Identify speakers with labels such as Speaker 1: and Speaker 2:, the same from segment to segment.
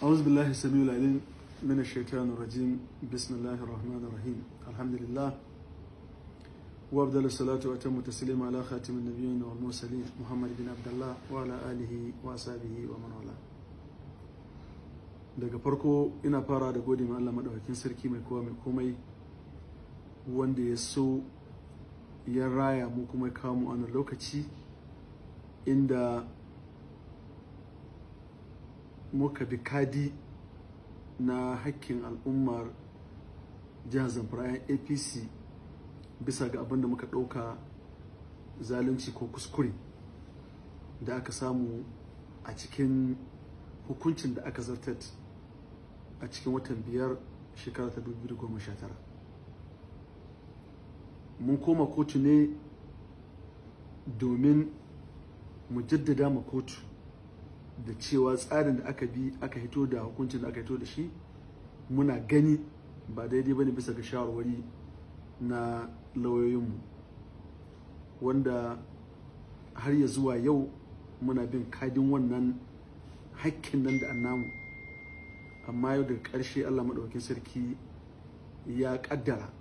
Speaker 1: أعوذ بالله السميع العليم من الشيطان الرجيم بسم الله الرحمن الرحيم الحمد لله وأبدل الصلاة وأتم التسليم على خاتم النبيين والمرسلين محمد بن عبد الله وعلى آله وأصحابه ومن والاه daga farko ina fara da gode ma Allah madaukakin sarki mai kowa mai komai wanda ya so ya raya mu kuma kawo mu a lokaci inda muka bi kadi na hakkin al'ummar jihar zamfara apc bisa ga abinda muka ɗauka zalunci ko kuskure da aka samu a cikin hukuncin da aka zartar a cikin watan biyar shekara ta 2019 mun koma kotu ne domin mu jaddada ma kotu da cewa tsarin da aka bi aka hito da hukuncin da aka hito da shi muna gani ba daidai ba ne bisa ga shawarwari na lauyoyinmu wanda har ya zuwa yau muna bin kadin wannan hakkin nan da annamu amma yau daga ƙarshe allah maɗaukin sarki ya ƙaddara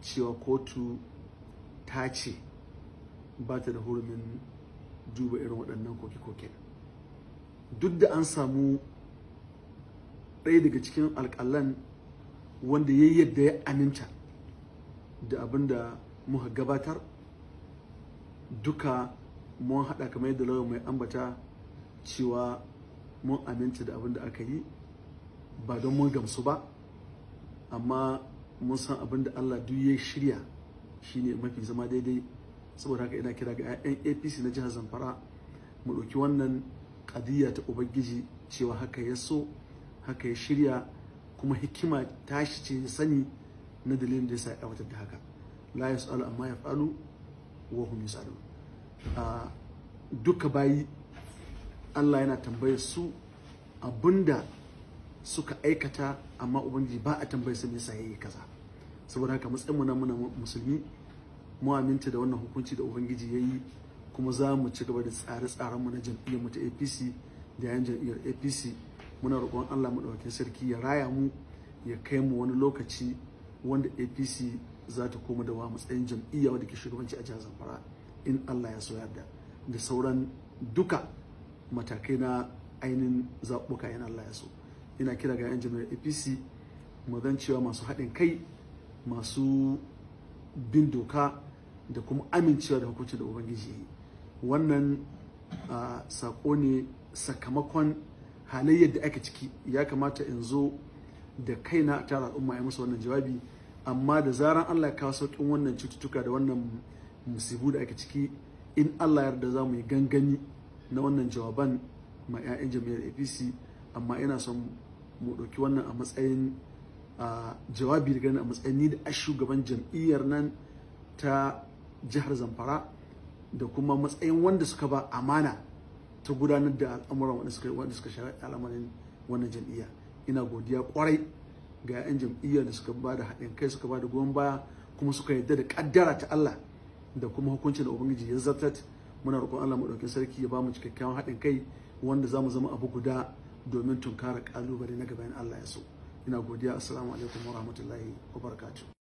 Speaker 1: cewa kotu ta ce ba ta da hurumin duba irin waɗannan koke-koke duk da an samu ɗaya daga cikin alƙalan wanda ya yadda ya aminta da abin da muka gabatar duka mun haɗa kamar yadda lauyan mai ambata cewa mun aminta da abin da aka yi ba don mun gamsu ba amma mun san abin da Allah duk ya shirya shine mafi zama daidai saboda haka ina kira ga 'ya'yan apc na jihar zamfara mu ɗauki wannan ƙadiyya ta ubangiji cewa haka ya so haka ya shirya kuma hikima ta shi ce ya sani na dalilin da ya sa ya aiwatar da haka la sa'alu amma ya fa'alu wa hum yas'alun duka bayi Allah yana tambayar su abinda suka aikata amma ubangiji ba a tambayar su me yasa yayi kaza saboda haka matsayin mu na muna musulmi mu aminta da wannan hukunci da ubangiji ya yi. kuma za mu ci gaba da tsare tsaren mu na mu ta apc da yan jam'iyyar apc muna roƙon allah maɗaukakin sarki ya raya mu ya kai mu wani lokaci wanda apc za ta koma da wa matsayin jam'iyya wadda ke shugabanci a jihar zamfara in allah ya so yarda da sauran duka matakai na ainihin zaɓuɓɓuka in allah ya so ina kira ga yan jam'iyyar apc mu zan cewa masu haɗin kai masu bin doka da kuma amincewa da hukunci da ubangiji ya yi wannan sako ne sakamakon halayyar da ake ciki ya kamata in zo da kaina a tara al'umma ya musu wannan jawabi amma da zaran Allah ya kawo sauƙin wannan cututtuka da wannan musibu da ake ciki in Allah yarda za mu yi gangani na wannan jawaban ma 'ya'yan jami'ar APC amma ina son mu ɗauki wannan a matsayin jawabi daga a matsayin ni da shugaban jam'iyyar nan ta jihar Zamfara da kuma matsayin wanda suka ba amana ta gudanar da al'amuran wanda suka wanda al'amarin wannan jam'iyya ina godiya kwarai ga 'yan jam'iyya da suka ba da haɗin kai suka ba da goyon baya kuma suka yarda da kaddara ta Allah da kuma hukuncin da ubangiji ya zartar muna roƙon Allah madaukakin sarki ya ba mu cikakken haɗin kai wanda za mu zama abu guda domin tunkara kalubale na gaban Allah ya so ina godiya assalamu alaikum wa wabarakatuh